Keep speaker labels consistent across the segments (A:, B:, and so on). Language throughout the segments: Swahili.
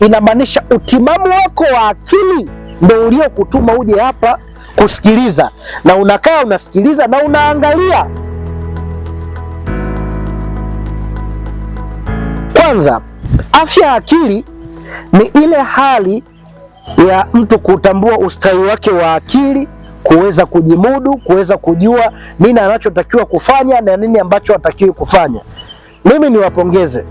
A: inamaanisha utimamu wako wa akili ndio uliokutuma uje hapa kusikiliza, na unakaa unasikiliza na unaangalia. Kwanza, afya ya akili ni ile hali ya mtu kutambua ustawi wake wa akili, kuweza kujimudu, kuweza kujua nini anachotakiwa kufanya na nini ambacho hatakiwi kufanya. Mimi niwapongeze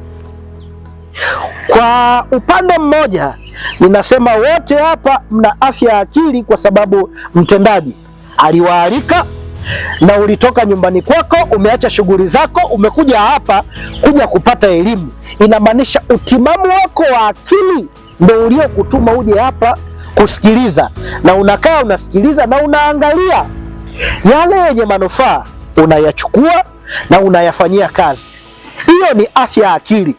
A: kwa upande mmoja ninasema wote hapa mna afya ya akili, kwa sababu mtendaji aliwaalika na ulitoka nyumbani kwako, umeacha shughuli zako, umekuja hapa kuja kupata elimu. Inamaanisha utimamu wako wa akili ndio uliokutuma uje hapa kusikiliza, na unakaa unasikiliza na unaangalia yale yenye manufaa unayachukua na unayafanyia kazi. Hiyo ni afya ya akili.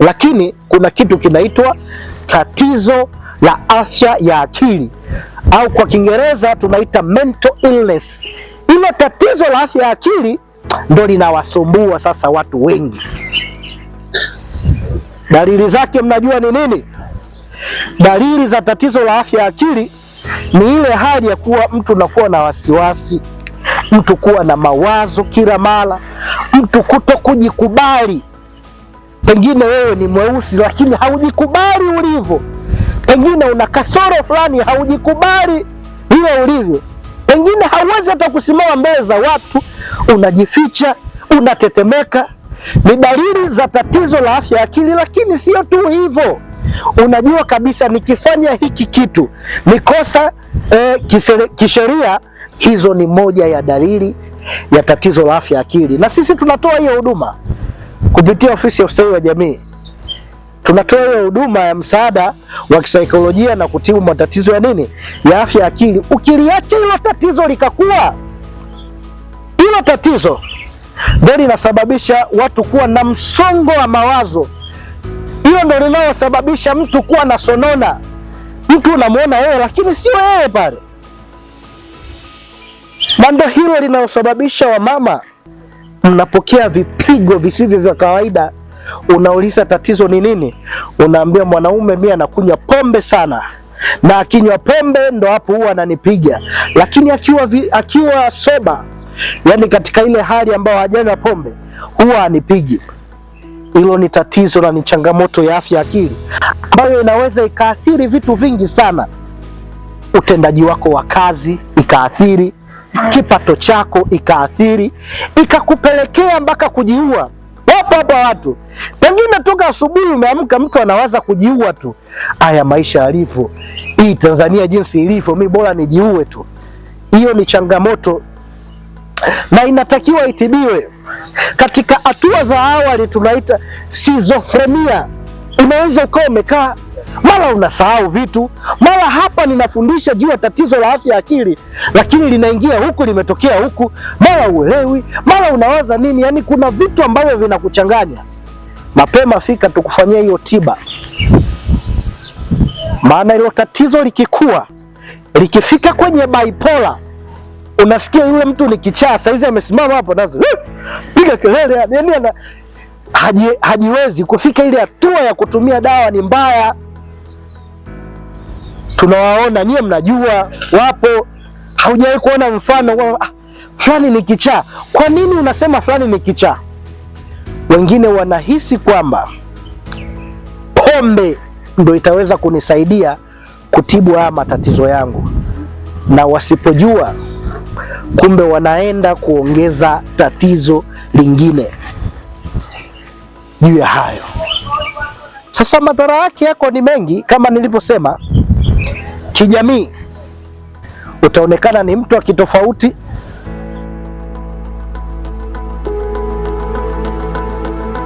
A: Lakini kuna kitu kinaitwa tatizo la afya ya akili au kwa Kiingereza tunaita mental illness. Ile tatizo la afya ya akili ndo linawasumbua sasa watu wengi. Dalili zake mnajua ni nini? Dalili za tatizo la afya ya akili ni ile hali ya kuwa mtu unakuwa na wasiwasi, mtu kuwa na mawazo kila mara, mtu kuto kujikubali Pengine wewe ni mweusi lakini haujikubali ulivyo, pengine una kasoro fulani, haujikubali vile ulivyo, pengine hauwezi hata kusimama mbele za watu, unajificha, unatetemeka. Ni dalili za tatizo la afya ya akili. Lakini sio tu hivyo, unajua kabisa nikifanya hiki kitu ni kosa eh, kisheria. Hizo ni moja ya dalili ya tatizo la afya ya akili, na sisi tunatoa hiyo huduma. Kupitia ofisi ya ustawi wa jamii tunatoa hiyo huduma ya msaada wa kisaikolojia na kutibu matatizo ya nini, ya afya akili. Ukiliacha hilo tatizo likakuwa, hilo tatizo ndio linasababisha watu kuwa na msongo wa mawazo, hiyo ndio linalosababisha mtu kuwa na sonona. Mtu unamwona yeye lakini sio yeye pale, na ndio hilo linalosababisha wamama mnapokea vipigo visivyo vya kawaida. Unauliza tatizo ni nini? Unaambia mwanaume, mimi anakunywa pombe sana na akinywa pombe ndo hapo huwa ananipiga, lakini akiwa, vi, akiwa soba, yani katika ile hali ambayo hajanywa pombe huwa anipigi. Hilo ni tatizo na ni changamoto ya afya akili ambayo inaweza ikaathiri vitu vingi sana, utendaji wako wa kazi ikaathiri, kipato chako ikaathiri ikakupelekea mpaka kujiua. Wapo hapa watu pengine toka asubuhi umeamka, mtu anawaza kujiua tu. Aya, maisha yalivyo, hii Tanzania jinsi ilivyo, mi bora nijiue tu. Hiyo ni changamoto na inatakiwa itibiwe katika hatua za awali, tunaita schizophrenia. Unaweza ukawa umekaa mara unasahau vitu, mara hapa ninafundisha juu ya tatizo la afya ya akili, lakini linaingia huku limetokea huku, mara uelewi, mara unawaza nini. Yani kuna vitu ambavyo vinakuchanganya. Mapema fika tukufanyia hiyo tiba, maana hilo tatizo likikua, likifika kwenye bipolar unasikia yule mtu ni kichaa, saizi amesimama hapo nazo piga kelele, yani hajiwezi kufika ile hatua ya kutumia dawa, ni mbaya tunawaona nyie, mnajua wapo, haujawahi kuona mfano wa ah, fulani ni kichaa. Kwa nini unasema fulani ni kichaa? Wengine wanahisi kwamba pombe ndo itaweza kunisaidia kutibu haya matatizo yangu, na wasipojua kumbe wanaenda kuongeza tatizo lingine juu ya hayo. Sasa madhara yake yako ni mengi, kama nilivyosema, kijamii utaonekana ni mtu akitofauti